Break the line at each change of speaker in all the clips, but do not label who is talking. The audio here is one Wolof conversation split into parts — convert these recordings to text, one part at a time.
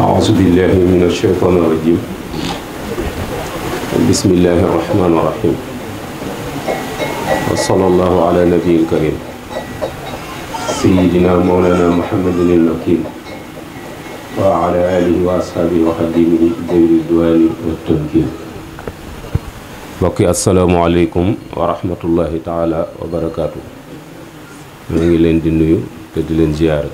أعوذ بالله من الشيطان الرجيم بسم الله الرحمن الرحيم وصلى الله على نبي الكريم سيدنا مولانا محمد المكين وعلى آله وأصحابه وخديمه ذوي الرضوان والتمكين mbokki asalaamaaleykum wa rahmatullahi taala wa barakaatu. maa ngi leen di nuyu te di leen ziyaare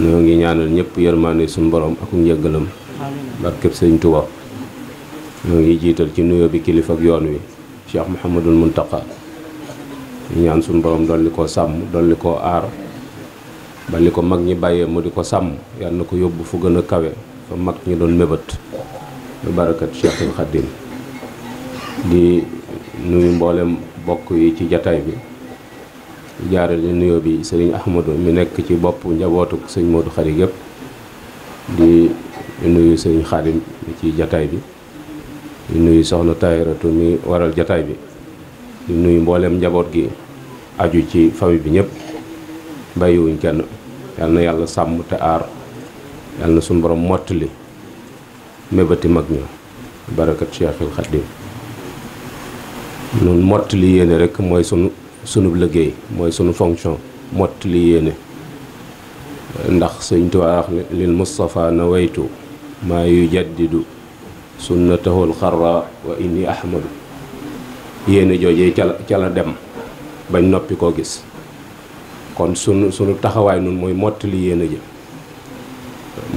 ñoo ngi ñaanal ñëpp yërmaande suñu borom ak njëggalam barkeb sëñ Tuubaa ñoo ngi jiital ci nuyoo bi kilifa yoon wi Cheikh Mouhamadul Muntaqa ñu ñaan suñu borom dolli ko sàmm dolli ko aar ba li ko mag ñi bàyyee mu di ko sàmm yan ko yóbbu fu gën a kawe fa mag ñi doon mébét lu barakat Cheikhul Xadim di nuyu mboolem bokk yi ci jataay bi jaarale nuyoo bi sëriñ Ahmadou mi nekk ci bopp njabootu sëñ Modou Khary gépp di nuyu sëriñ Xaadim ci jataay bi di nuyu soxna Tayratu mi waral jataay bi di nuyu mbooleem njaboot gi aju ci famille bi ñëpp bàyyiwuñ kenn yal na yàlla sàmm te aar yal na suñu borom mottali mébati mag ña barakat Cheikhul Khadim ñun mottali yéene rek mooy sunu sunu liggéey mooy sunu fonction mott li yéene ndax sëñ Tuubaa wax ne lil Mustafa maa yu jaddidu sunnatahul xarra wa inni ahmadu yéene joojee cala cala dem bañ noppi koo gis kon sunu sunu taxawaay nun mooy mott li yéene ji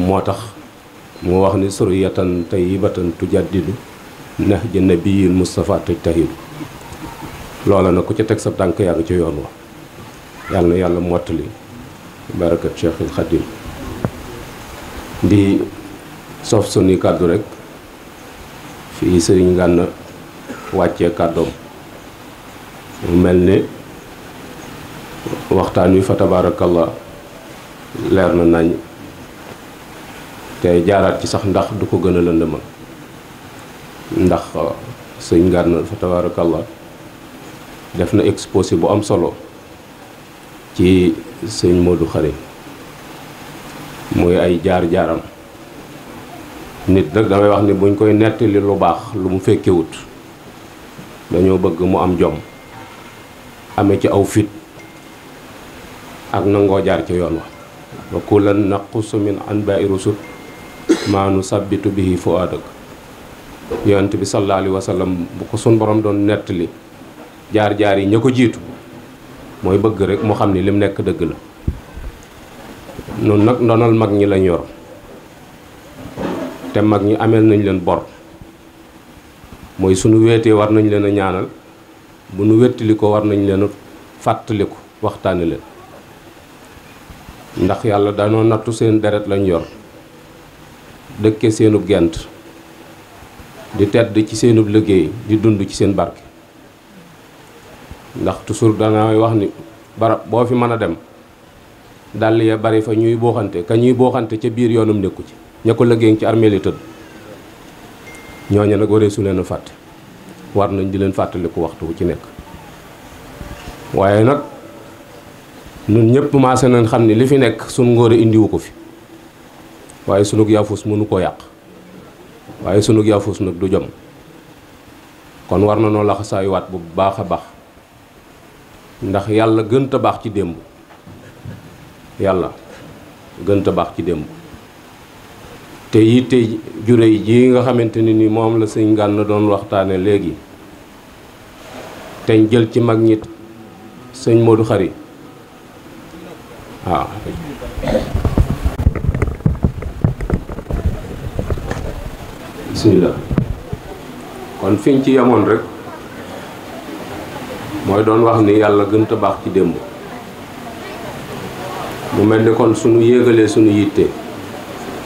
moo tax mu wax ni suriyatan tayyibatan tujaddidu nahja nabiyil Mustafa tajtahidu loola na ku ca teg sa tànk yaa ca yoon wa yàlla yàlla mottali barakat Cheikhul Khadim di soof sunuy kàddu rekk fii sëriñ Gana wàcce kàddoom mu mel ni waxtaan wi fa tabarakallah leer na nañ te jaaraat ci sax ndax du ko gën a lëndëmal ndax sëriñ Gana fa tabarakallah def na exposi bu am solo ci sëñ Modou Khary muy ay jaar-jaaram nit nag damay wax ni buñ koy nettali lu baax lu mu wut dañoo bëgg mu am jom ame ci aw fit ak nangoo jaar ci yoon wa wa kullan naqusu min anba'i rusul maa nu sabbitu bi fu'aadak yonent bi sallallahu alayhi wa sallam bu ko sun borom doon nettali jaar-jaar yi ña ko jiitu mooy bëgg rek mu xam ni lim nekk dëgg la noonu nag ndonol mag ñi lañ yor te mag ñi ameel nañ leen bor mooy sunu weetee war nañ leen a ñaanal bu nu wettali ko war nañ leen a fàttali ko waxtaane leen ndax yàlla danoo nattu seen deret lañ yor dëkke seenub gent di tedd ci seenub liggéey di dund ci seen barke ndax toujours danaa wax ni barab boo fi mën a dem dàll ya bari fa ñuy booxante ka ñuy booxante ca biir yoonum nekku ci ña ko lëggéey ci armée li tëdd ñooñu nag waree su leen a fàtte war nañ di leen fàttaliku waxtu wu ci nekk waaye nag ñun ñëpp maase nañ xam ni li fi nekk suñ ngóore indiwu ko fi waaye sunug yaafus mënu koo yàq waaye sunug yaafus nag du jom kon war na noo laxasaayuwaat bu baax a baax ndax yàlla gënta baax ci démb yàlla gënta baax ci démb te yitte jure ji nga xamante ne ni moom la sëñ Gana doon waxtaane léegi teñ jël ci mag ñi sëñ Modou Khari waaw bismillah kon fiñ ci yemoon rekk mooy doon wax ni yàlla gën a baax ci démb mu mel ni kon suñu yéegalee sunu yitte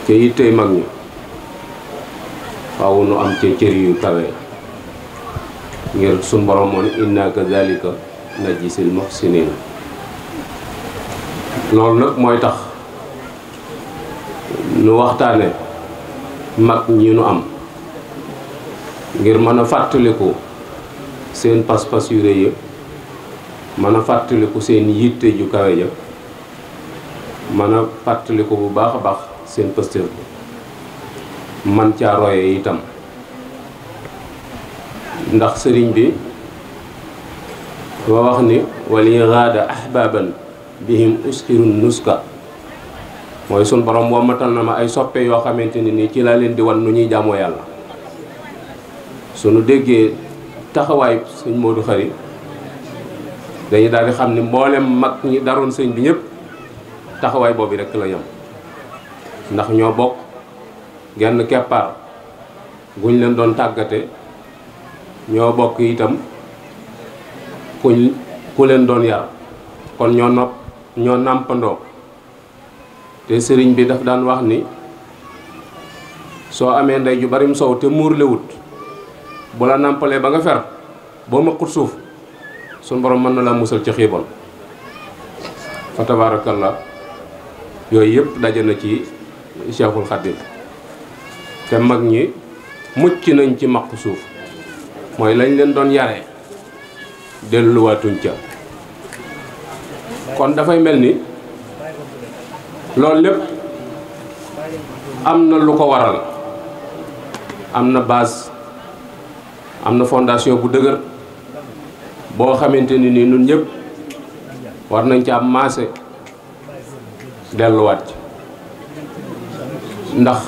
ca yittey mag ñi faaw nu am ca cër yu kawe ngir suñ borom moon inna kadhalika najjisil muhsinin loolu nag mooy tax nu waxtaane mag ñi nu am ngir mën a fàttaliku seen pas-pas yu rëy mën a fàttaliku seen yitte ju kawe ja mën fàttaliku bu baax a baax seen pëstéef man caa roye itam ndax sëriñ bi soo wax ni wali raada ahbaban bihim uskirun nuska mooy sun borom wommatal na ma ay soppe yoo xamante ne ni ci laa leen di wan nu ñuy jàmmoo yàlla su nu déggee taxawaay suñ Moodu Xari dañuy daal di xam ni mboolem mag ñi daroon sëñ bi ñëpp taxawaay boobu rekk la yem ndax ñoo bokk genn keppaar guñ leen doon tàggate ñoo bokk itam kuñ ku leen doon yar kon ñoo nopp ñoo nàmpandoo te sëriñ bi daf daan wax ni soo amee ndey ju bari mu sow te muur lewut bu la nàmpalee ba nga fer boo ma xut suuf suñu borom mën na laa musal ci xiibon fa tabaarakallaa yooyu yëpp daje na ci Cheikhul Khadim te mag ñi mucc nañ ci maq suuf mooy lañ leen doon yare delluwaatuñ ca kon dafay mel ni loolu lépp am na lu ko waral am na baas am na fondation bu dëgër boo xamante ni nii ñun ñëpp war nañ ci am maase delluwaat ndax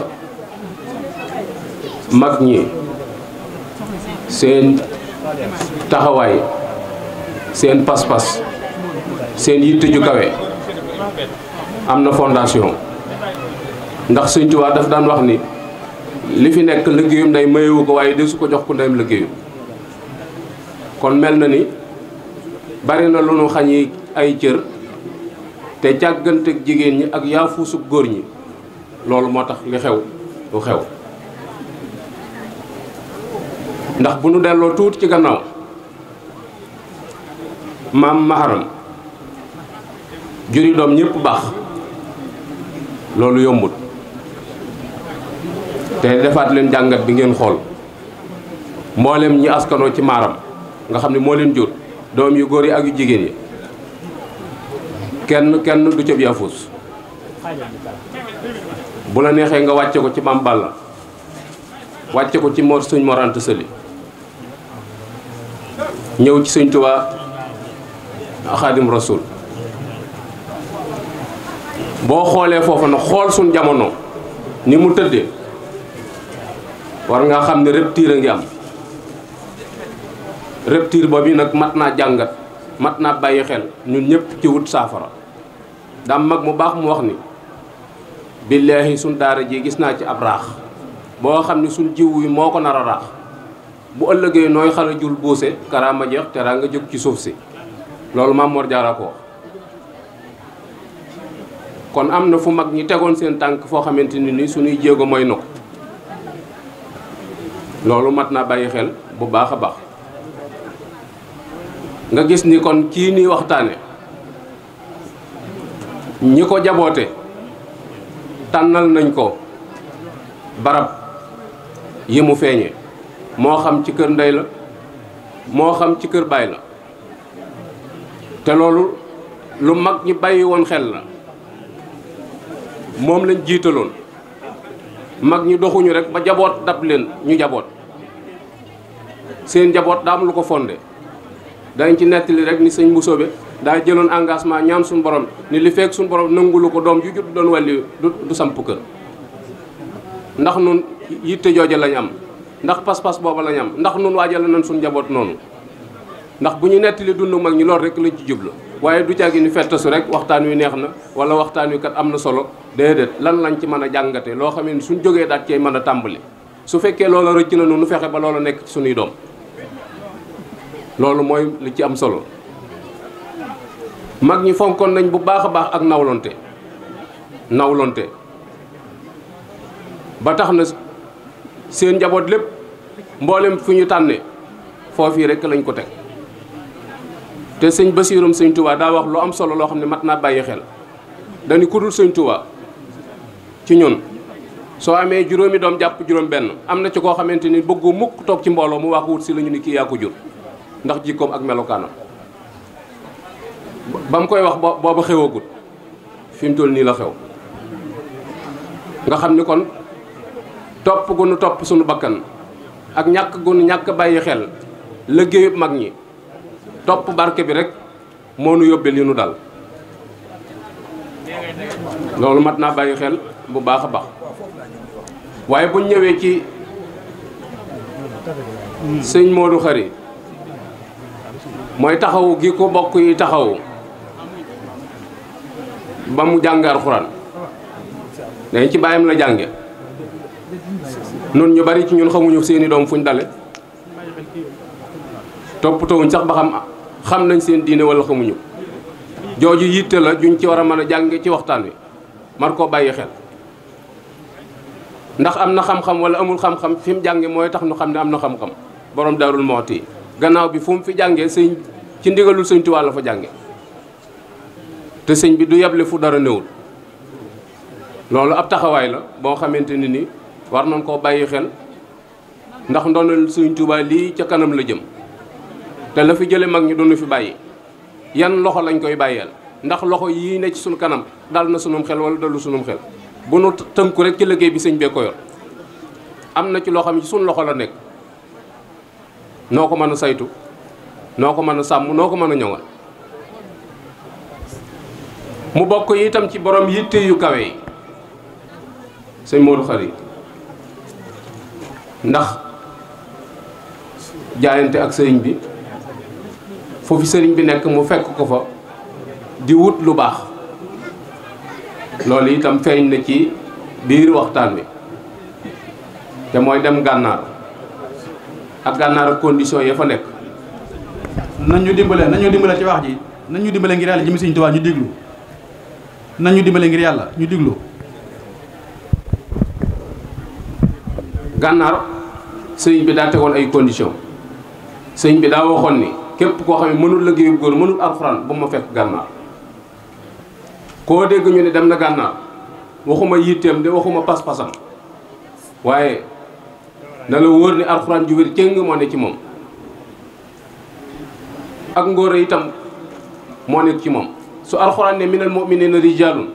mag ñi seen taxawaay seen pas-pas seen yitte ju kawe am na fondation ndax Sëñ Tuubaa daf daan wax ni li fi nekk liggéeyum nday mayewu ko waaye de su ko jox ku ndeyam liggéeyu kon mel na ni bari na lu nu xañi ay cër te jàggante jigéen ñi ak yaafuusub góor ñi loolu moo tax li xew lu xew ndax bu nu delloo tuuti ci gannaaw maam maharam juri doom ñëpp baax loolu yombut te defaat leen jàngat bi ngeen xool mboolem ñi askanoo ci maaram nga xam ne moo leen jur doom yu góor yi ak yu jigéen yi kenn kenn du cëb yaafus bu la neexee nga wàcce ko ci Maam Balla wàcce ko ci mor suñ morante sëli ñëw ci suñ Tuubaa Xaadim Rasuul boo xoolee foofu na xool suñ jamono ni mu tëddee war ngaa xam ne rëpp tiir a ngi am rupture boobu nag mat naa jàngat mat naa bàyyi xel ñun ñëpp ci wut saafara daam mag mu baax mu wax ni billaahi suñ daara ji gis naa ci ab raax boo xam ni suñ jiw yi moo ko nar a raax bu ëllëgee nooy xala jul buuse karaama jeex te raa nga jóg ci suuf si loolu ma Mor Jaara ko kon am na fu mag ñi tegoon seen tànk foo xamante ni ni suñuy jéego mooy na ko loolu mat naa bàyyi xel bu baax a baax nga gis ni kon kii nuy waxtaane ñi ko jaboote tànnal nañ ko barab yi mu feeñe moo xam ci kër ndey la moo xam ci kër baay la te loolu lu mag ñi bàyyi woon xel la moom lañ jiitaloon mag ñi doxuñu rek ba jaboot dab leen ñu jaboot seen jaboot daa am lu ko fonde dañ ci nettali rek ni sëñ Mbusoobe daa jëloon engagement ñaan suñu borom ni li fekk suñu borom nangulu ko doom ju judd doon wàlli du samp kër ndax nun yitte jooja lañ am ndax pas-pas boobu lañ am ndax nun waajal nañ suñu njaboot noonu ndax bu ñu nettali dund mag ñi loolu rek lañ ci jublu waaye du caagi ni su rek waxtaan wi neex na wala waxtaan wi kat am na solo déedéet lan lañ ci mën a jàngate loo xame ne suñ jógee daat cey mën a tàmbali su fekkee loola rëcc na nu fexe ba loola nekk suñuy doom loolu mooy li ci am solo mag ñi fonkoon nañ bu baax a baax ak nawlonte nawlonte ba tax na seen njaboot lépp mboolem fu ñu tànne yi rekk lañ ko teg te sëñ Basiirum sëñ Tuubaa daa wax lu am solo loo xam ne mat naa bàyyi xel dañu ku dul sëñ ci ñun soo amee juróomi doom jàpp juróom benn am na ci koo xamante ni bëggu mukk toog ci mbooloo mu wax wut si la ñu ni kii yaa ko jur ndax jikkoom ak melokaanam ba mu koy wax booba xewagut fi mu toll nii la xew nga xam ni kon topp gu nu topp suñu bakkan ak ñàkk gu nu ñàkk bàyyi xel liggéeyub mag ñi topp barke bi rek moo nu yóbbee li nu dal loolu mat naa bàyyi xel bu baax a baax waaye bu ñëwee ci sëñ Modou Khary mooy taxawu gi ko bokk yi taxawu ba mu jàng alxuraan dañ ci bàyyam la jànge nun ñu bari ci ñun xamuñu seeni doom fuñ dale toppatoowuñ sax ba xam xam nañ seen diine wala xamuñu jooju yitte la juñ ci war a mën a jànge ci waxtaan wi mar koo bàyyi xel ndax am na xam-xam wala amul xam-xam fi mu jànge mooy tax nu xam ne am na xam-xam borom daarul mooti gannaaw bi fu mu fi jàngee sëñ ci ndigalul sëñ Tuubaa la fa jànge te sëñ bi du yeble fu dara néwul loolu ab taxawaay la boo xamante ne ni war nañ koo bàyyi xel ndax ndonal sëñ Tuubaa lii ca kanam la jëm te la fi jële mag ñi doonu fi bàyyi yan loxo lañ koy bàyyeel ndax loxo yii ne ci suñu kanam dal na sunum xel wala dalu sunum xel bu nu tënku rek ci liggéey bi sëñ bee ko am na ci loo xam ne suñu loxo la nekk noo ko mën a saytu noo ko mën a sàmm noo ko mën a ñoŋal mu bokk itam ci borom yitte yu kawe yi sëñ Modou Khari ndax jaayante ak sëriñ bi foofu sëriñ bi nekk mu fekk ko fa di wut lu baax loolu itam feeñ na ci biir waxtaan wi te mooy dem gànnaar ak gànnaar ak condition ya fa nekk nañu dimbale nañu dimbale ci wax ji nañu dimbale ngir yàlla jëm Sëriñ Tuubaa ñu diglu nañu dimbale ngir yàlla ñu diglu gànnaar sëriñ bi daa tegoon ay condition sëriñ bi daa waxoon ni képp koo xam ne mënul liggéeyu góor mënul alxuraan bu ma fekk gànnaar koo dégg ñu ne dem na gànnaar waxuma yitteem de waxuma pas-pasam waaye na la wóor ni alxuraan ju wér cëng moo nekk ci moom ak ngóor itam moo nekk ci moom su alxuraan ne minal mu'minina rijaalun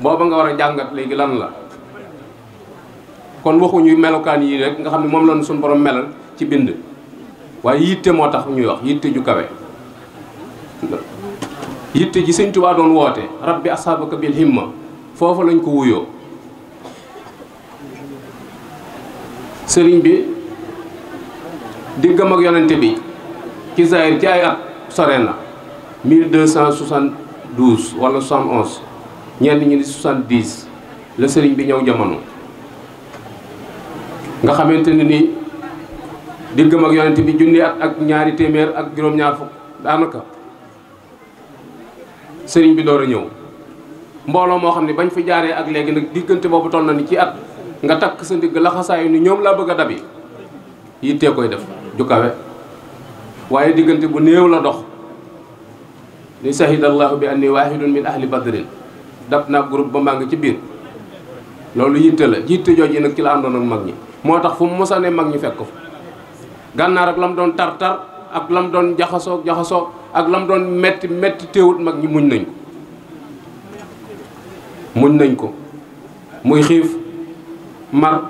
booba nga war a jàngat léegi lan la kon waxuñu melokaan yi rek nga xam ne moom la suñ borom melal ci bind waaye yitte moo tax ñuy wax yitte ju kawe yitte ji sëñ Tuubaa doon woote rabbi asaabaka bil himma foofu lañ ko wuyoo sëriñ bi diggam ak yonente bi ci zahir ci ay at sore na 1272 wala 71 ñenn ñi di 70 la sëriñ bi ñëw jamono nga xamante ne ni diggam ak yonente bi junni at ak ñaari téeméer ak juróom-ñaar fukk daanaka sëriñ bi door a ñëw mbooloo moo xam ne bañ fi jaaree ak léegi nag diggante boobu toll na ni ci at nga takk sa ndigg laxasaayu ni ñoom laa bëgg a dabi yittee koy def ju waaye diggante bu néew la dox ni sahidallahu bi anni waahidun min ahli badrin dab naa groupe ba maa ci biir loolu yitte la yitte jooju nag ci la àndoon ak mag ñi moo tax fu mu mosane mag ñi fekk ko gànnaar ak lam doon tar-tar ak lam doon jaxasoo jaxasoo ak lam doon metti metti téewut mag ñi muñ nañ ko muñ nañ ko muy xiif mar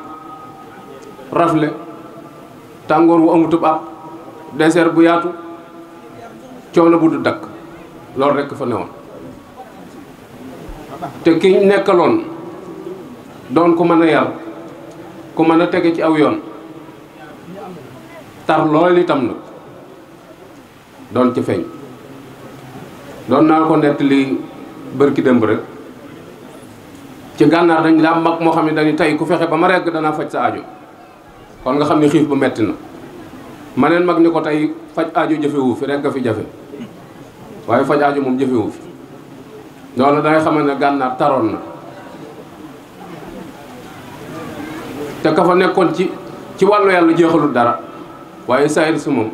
rafle tàngoor wu amutub ab désert bu yaatu coow la bu du dakk loolu rekk fa newoon te ki nekkaloon doon ku mën a yar ku mën a tege ci aw yoon tar lool itam nag doon ci feeñ doon naa ko nettali bërki démb rekk ci gànnaar dañ laa mag moo xam ne dañu tey ku fexe ba ma regg danaa faj sa aajo kon nga xam ne xiif bu metti na ma neen mag ni ko tey faj aajo jëfewu fi rekk a fi jafe waaye faj aajo moom jafewu fi loolu day xamal ne gànnaar taroon na te ka fa nekkoon ci ci wàllu yàlla jeexalul dara waaye saayir si moom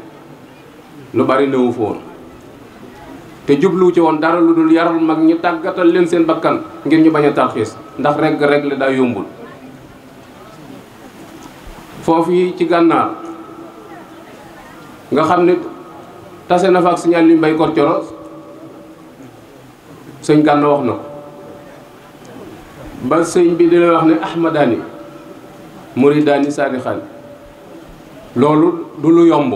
lu bari néewu fa te jubluwu ci woon dara lu dul yaral mag ñi tàggatal leen seen bakkan ngir ñu bañ a tarxiis ndax rekk régler daa yombul foofu yi ci gànnaar nga xam ne tase na fa ak signal li mbay kor coro sëñ gànna wax na ko ba sëñ bi dina wax ne ahmadani muridani saadixani loolu du lu yomb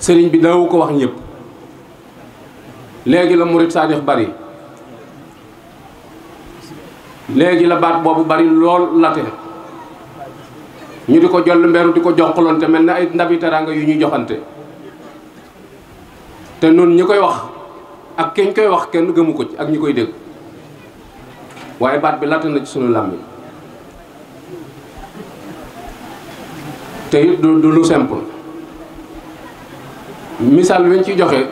sëriñ bi daawu ko wax ñépp léegi la murid saadix bari léegi la baat boobu bari lool late ñu di ko joll mbeeru di ko joxlonte mel na ay ndabi teraanga yu ñuy joxante te noonu ñi koy wax ak keñ koy wax kenn gëmu ko ci ak ñi koy dégg waaye baat bi late na ci sunu làmmiñ te it du du lu simple misaal bi ñu ci joxe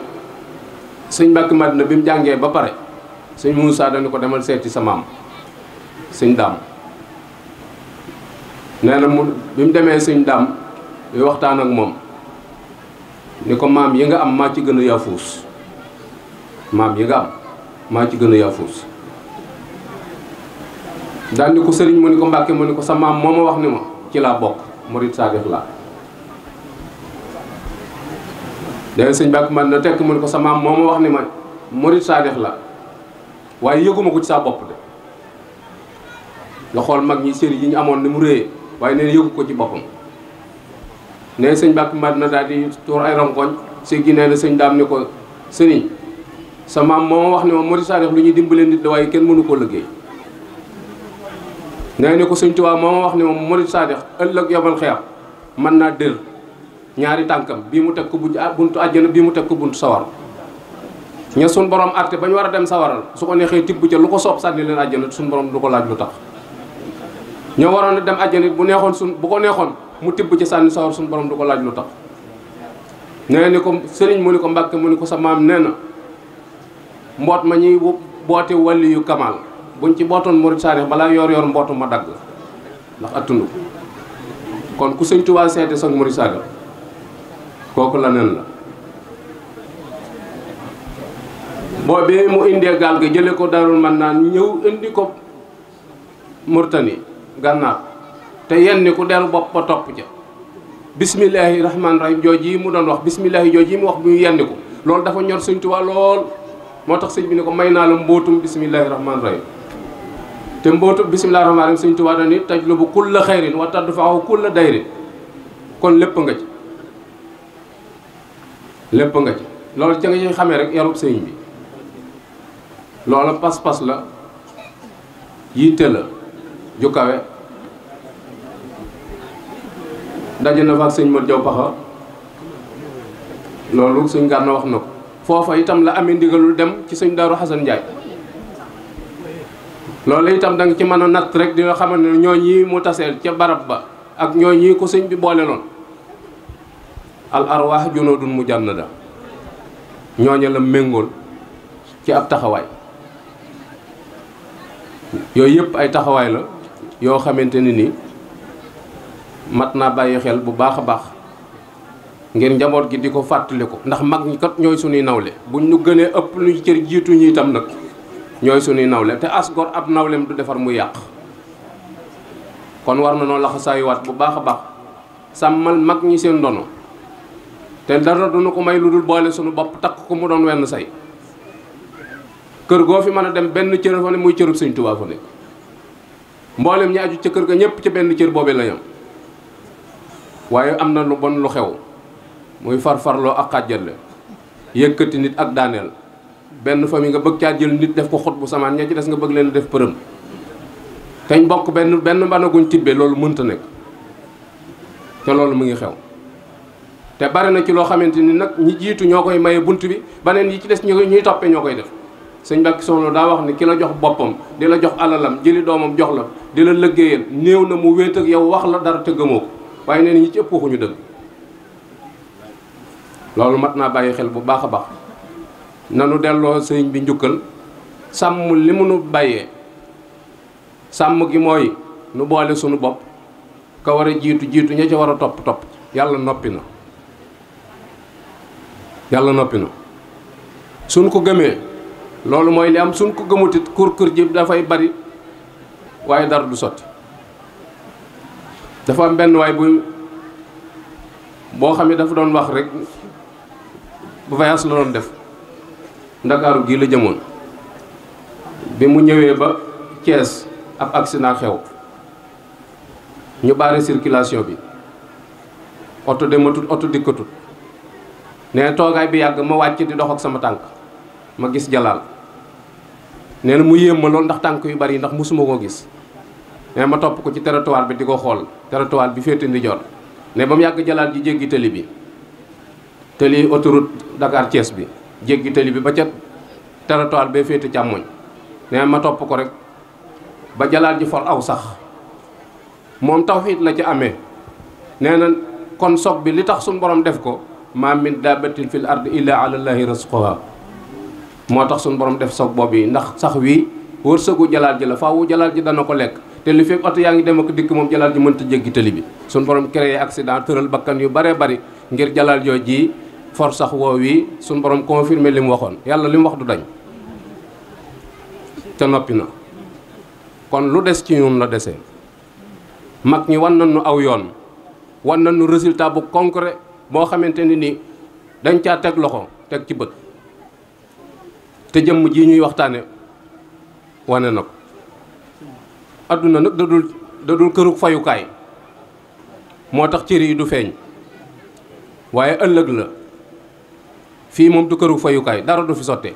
sëñ Mbàkke Madina bi mu jàngee ba pare sëñ Moussa dañu ko demal seeti sa maam suñ daam nee na mu bi mu demee suñ daam bi waxtaan ak moom ni ko maam yi nga am maa ci gën a yafuus maam yi nga am maa ci gën a yafuus daal ni ko sëriñ mu ni ko mbàkke mu ni ko sa maam moo ma wax ni ma ci laa bokk murit saadix laa dana sëñ bàkk man na tekk mu ni ko sa maam moo ma wax ni ma murit saadix la waaye yëguma ko ci saa bopp de nga xool mag ñi sëriñ yi ñu amoon ni mu réyee waaye nee na yëgu ko ci boppam ne sëñ Mbàkke Madina daal di tuur ay ronkoñ sëggi nee na sëñ daam ne ko sëriñ sa maam moo wax ne moom moo di saa def lu ñuy dimbale nit la waaye kenn mënu koo liggéey nee ne ko sëñ Tuubaa moo wax ni moom moo di saa def ëllëg yomal xeex mën naa dër ñaari tànkam bii mu teg ko bu buntu àjjana bii mu teg ko buntu sawar ña suñ borom àtte ba ñu war a dem sawaral su ko neexee tibb ca lu ko soob sànni leen àjjana suñ borom du ko laaj lu tax ñoo waroon a dem àjjana bu neexoon suñ bu ko neexoon mu tibb ci sànni sawar suñu borom du ko laaj lu tax nee ni ko sëriñ mu ni ko mbàkke mu ni ko sa maam nee na mboot ma ñuy boote wàlli yu kamaal buñ ci bootoon murid saarix balaa yor yoor mbootu ma dagg ndax attunu kon ku sëñ Tuubaa seete sax murid saarix kooku la nen la boo bi mu indee gaal gi jële ko darul man naan ñëw indi ko Murtani gànnaar te yenn ku dellu bopp ba topp ja bismillahi rahmaani rahim jooj yi mu doon wax bismillahi jooj yi mu wax bu ñu yenn ko loolu dafa ñor sëñ Tuubaa lool moo tax sëñ bi ne ko may naa la mbootum bismillahi rahmaani rahim te mbootum bismillahi rahmaani rahim sëñ Tuubaa dañuy tajlubu kulla xayrin wa tadfa'u kulla dayrin kon lépp nga ci lépp nga ci loolu ca nga ñuy xamee rek yarub sëñ bi loolu pas-pas la yitte la ju kawe daje na fa ak sëñ Modou Diaw loolu suñ gànna wax na ko foofa itam la amee ndigalul dem ci suñ daaru Xasan Njaay loolu itam da nga ci mën a natt rek di nga xamante ni ñooñ yi mu taseel ca barab ba ak ñooñ yi ko sëñ bi boole loon al arwaax junoodun mu jànn da ñooña la méngool ci ab taxawaay yooyu yëpp ay taxawaay la yoo xamante ne ni mat naa bàyyi xel bu baax a baax ngir njaboot gi di ko fàttali ko ndax mag ñi kat ñooy suñuy nawle buñ ñu gënee ëpp luñ cër jiitu ñi itam nag ñooy sunuy nawle te as gor ab nawlem du defar mu yàq kon war na noo laxasaayuwaat bu baax a baax sàmmal mag ñi seen ndono te dara duñu ko may lu dul boole sunu bopp takk ko mu doon wenn say kër goo fi mën a dem benn cër fa ne muy cërub Sëñ Tuubaa fa mboolem ñi aju ca kër ga ñëpp ca benn cër boobee la ñam waaye am na lu bon lu xew muy farfarloo ak xàjjale yëkkati nit ak daaneel benn famille nga bëgg caa jël nit def ko xut bu samaan ña ci des nga bëgg leen def përëm teñ bokk benn benn mbanaguñ tibbee loolu mënta nekk te loolu mu ngi xew te bari na ci loo xamante ni nag ñi jiitu ñoo koy maye bunt bi baneen yi ci des ñuy toppee ñoo koy def sëñ Mbàkke Soxna daa wax ne ki la jox boppam di la jox alalam jëli doomam jox la di la lëggéeyal néew na mu wéet ak yow wax la dara te ko waaye nee na ñi ci ëpp ñu dëgg loolu mat naa bàyyi xel bu baax a baax nanu delloo sëñ bi njukkal sàmm li mu nu bàyyee sàmm gi mooy nu boole sunu bopp ka war a jiitu jiitu ña ca war a topp topp yàlla noppi na yàlla noppi na suñ ko gëmee loolu mooy li am suñ ko gëmutit kur-kur ji dafay bari waaye dara du sotti dafa am benn waay bu boo xam ne dafa doon wax rek bu voyage la doon def ndakaaru gii la jëmoon bi mu ñëwee ba Thiès ab accident xew ñu baare circulation bi oto dematut oto dikkatut ne toogaay bi yàgg ma wàcc di dox ak sama tànk ma gis jalaal nee na mu yéem ma loolu ndax tànk yu bari ndax musuma koo gis nee ma topp ko ci territoire bi di ko xool territoire bi féete ndi jor ne ba mu yàgg jalaal ji jéggi tëli bi tëli autoroute Dakar Thiès bi jéggi tëli bi ba ca territoire bee féete càmmoñ nee ma topp ko rek ba jalaal ji for aw sax moom tawxiit la ci amee nee na kon soog bi li tax suñu borom def ko ma min daabatin fil ard illa ala allahi rizquha moo tax suñu borom def soog bopp yi ndax sax wi wërsëgu jalaal ji la faawu jalaal ji dana ko lekk te li fekk oto yaa ngi dem ak dikk moom jalaal ji mënta jéggi tali bi suñu borom créé accident tëral bakkan yu bare bari ngir jalaal joo ji for sax woo wi suñu borom confirmé li waxoon yàlla li wax du dañ te noppi na kon lu des ci ñun la desee mag ñi wan nu aw yoon wan nañu résultat bu concret boo xamante ni ni dañ caa teg loxo teg ci bët te jëmm ji ñuy waxtaane wane na ko adduna nag dadul dadul kërug fayukaay moo tax cër yi du feeñ waaye ëllëg la fii moom du këru fayukaay dara du fi sotte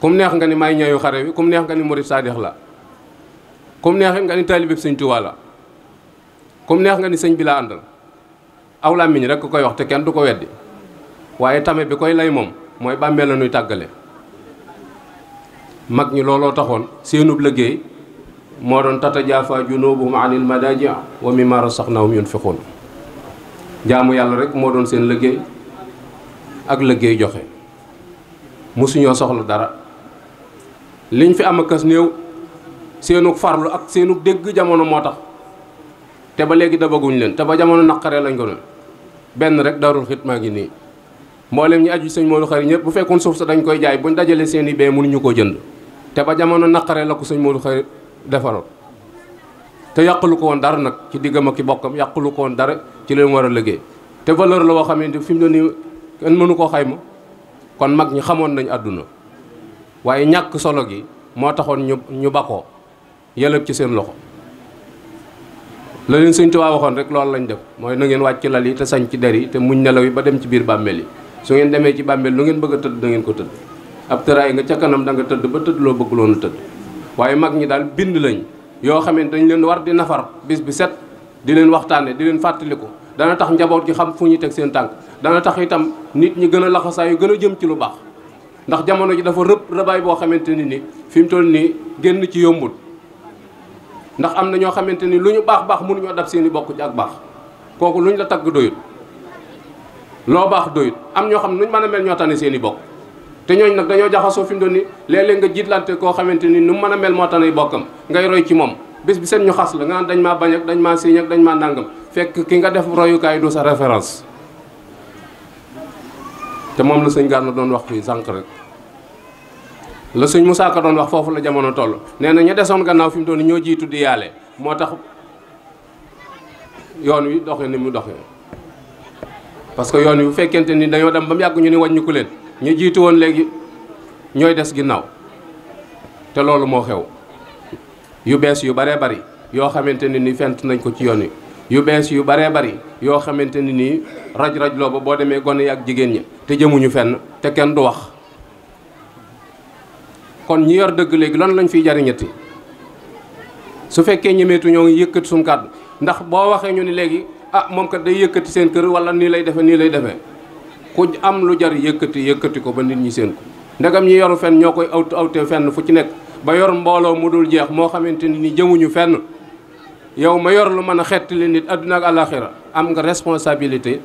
kum neex nga ni may ñooyu xare wi kum neex nga ni murit saadix la kum neex nga ni taalibeb sëñ Tuubaa la kum neex nga ni sëñ bi laa àndal aw làmmiñ rek ku koy wax te kenn du ko weddi waaye tame bi koy lay moom mooy bàmmeel la nuy tàggale mag ñi looloo taxoon seenub liggéey moo doon tatajaafa junubuhum anil madaaji wa mimma razaqnahum yunfiqun jaamu yàlla rek moo doon seen liggéey ak liggéey joxe mosuñoo soxla dara liñ fi am a akas néew seenug farlu ak seenug dégg jamono moo tax te ba léegi dabaguñ leen te ba jamono naqare lañ ko doon benn rek darul xit maa ngi nii mboolem ñi aju sëñ Modou Khary ñëpp bu fekkoon suuf sa dañ koy jaay buñ dajalee seen i bee mënuñu koo jënd te ba jamono naqaree la ko sëñ Modou Khary defaroon te yàqulu ko woon dara nag ci diggam ak ki bokkam yàqulu ko woon dara ci leen war a liggéey te valeur la boo xamante ni fi mu ne nii kenn mënu koo xayma kon mag ñi xamoon nañ àdduna waaye ñàkk solo gi moo taxoon ñu ñu bakkoo yëlëb ci seen loxo la leen sëñ Tuubaa waxoon rek loolu lañ def mooy na ngeen wàcc lal yi te sañ ci der yi te muñ nelaw yi ba dem ci biir bàmmeel yi su ngeen demee ci bàmmeel lu ngeen bëgg a tëdd na ko tëdd ab tëraay nga ca kanam da nga tëdd ba tëdd loo bëgg tëdd waaye mag ñi daal bind lañ yoo xamante dañ leen war di nafar bés bi set di leen waxtaane di leen fàttaliku dana tax njaboot gi xam fu ñuy teg seen tànk dana tax itam nit ñi gën a laxasaay yu gën a jëm ci lu baax ndax jamono ji dafa rëb rëbaay boo xamante ni ni fi mu toll nii génn ci yombul ndax am na ñoo xamante ni lu ñu baax baax mënuñoo dab seen i bokk ci ak baax kooku lu ñu la tagg doyut loo baax doyut am ñoo xam ne nuñ mën a mel ñoo tane seen i bokk te ñooñu nag dañoo jaxasoo fi mu doon ni léeg-léeg nga jiitlante koo xamante ni nu mu mën a mel moo tax nay bokkam ngay roy ci moom bés bi seen ñu xas la nga naan dañ maa bañ ak dañ maa siiñ ak dañ maa nàngam fekk ki nga def royukaay du sa référence te moom la sëñ Gana doon wax fii sànq rek la suñ Moussa Ka doon wax foofu la jamono toll nee na ñu desoon gannaaw fi mu doon ni ñoo jiitu di yaale moo tax yoon wi doxe ni mu doxe parce que yoon wi bu fekkente ni dañoo dem ba yàgg ñu ni wàññiku leen ñu jiitu woon léegi ñooy des ginnaaw te loolu moo xew yu bees yu baree bari yoo xamante ne ni fent nañ ko ci yoon wi yu bees yu baree bari yoo xamante ni nii raj-raj loo ba boo demee gone yi ak jigéen ñi te jëmuñu fenn te kenn du wax kon ñi yor dëgg léegi lan lañu fiy jariñetti su fekkee ñemeetu ñoo ngi yëkkati suñu kàddu ndax boo waxee ñu ni léegi a ah, moom kat day yëkkati seen kër wala nii lay defe nii lay defee ku am lu jar yëkkati yëkkati ko ba nit ñi séen ko ndegam ñi yoru fenn ñoo koy awt awte fenn fu ci nekk ba yor mbooloo mu dul jeex moo xamante ni jëmuñu fenn yow ma yor lu mën a xettali nit àdduna ak àllaaxira am nga responsabilité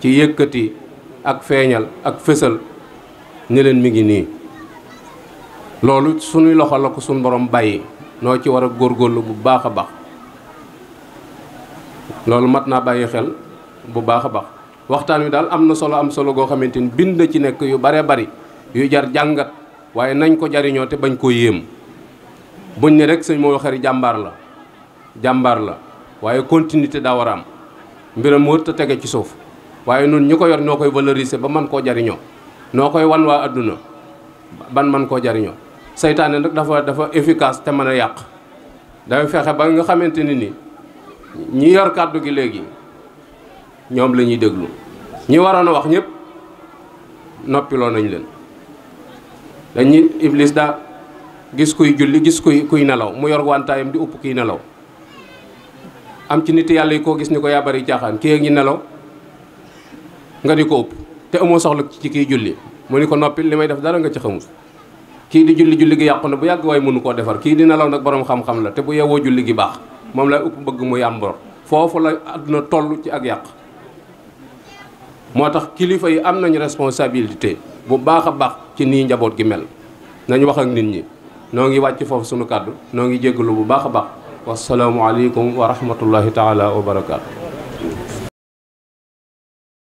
ci yëkkati ak feeñal ak fësal ni leen mi ngi nii loolu suñuy loxo la ko suñu borom bàyyi noo ci war a góor góorlu bu baax a baax loolu mat naa bàyyi xel bu baax a baax waxtaan wi daal am na solo am solo goo xamante ni bind ci nekk yu bare bari yu jar jàngat waaye nañ ko jariñoo te bañ koo yéem buñ ne rek sañ moo Khary jàmbaar la jàmbaar la waaye continuité daa war a am mbiram wër tege ci suuf waaye nun ñu ko yor ñoo koy valoriser ba man koo jariñoo noo koy wan waa àdduna ban man koo jariñoo seytaane nag dafa dafa efficace te mën a yàq day fexe ba nga xamante ni ni ñi yor kàddu gi léegi ñoom la ñuy déglu ñu waroon a wax ñépp noppiloo nañ leen dañuy iblis daa gis kuy julli gis kuy kuy nelaw mu yor wantaayam di upp kiy nelaw am ci nit yàlla yi koo gis ni ko yaa bari caaxaan kii ngi nelaw nga di ko upp te amoo soxla ci kiy julli mu ni ko noppil li may def dara nga ci xamul kii di julli julli gi yàqu na bu yàgg waaye mënu koo defar kii di nelaw nag boroom xam-xam la te bu yeewoo julli gi baax moom lay upp bëgg mu yàmbor foofu la àdduna toll ci ak yàq moo tax kilifa yi am nañu responsabilité bu baax a baax ci nii njaboot gi mel nañu wax ak nit ñi noo ngi wàcc foofu sunu kàddu noo ngi jéggalu bu baax a baax wasalaamualeykum wa rahmatullahi taala wa barakaatu.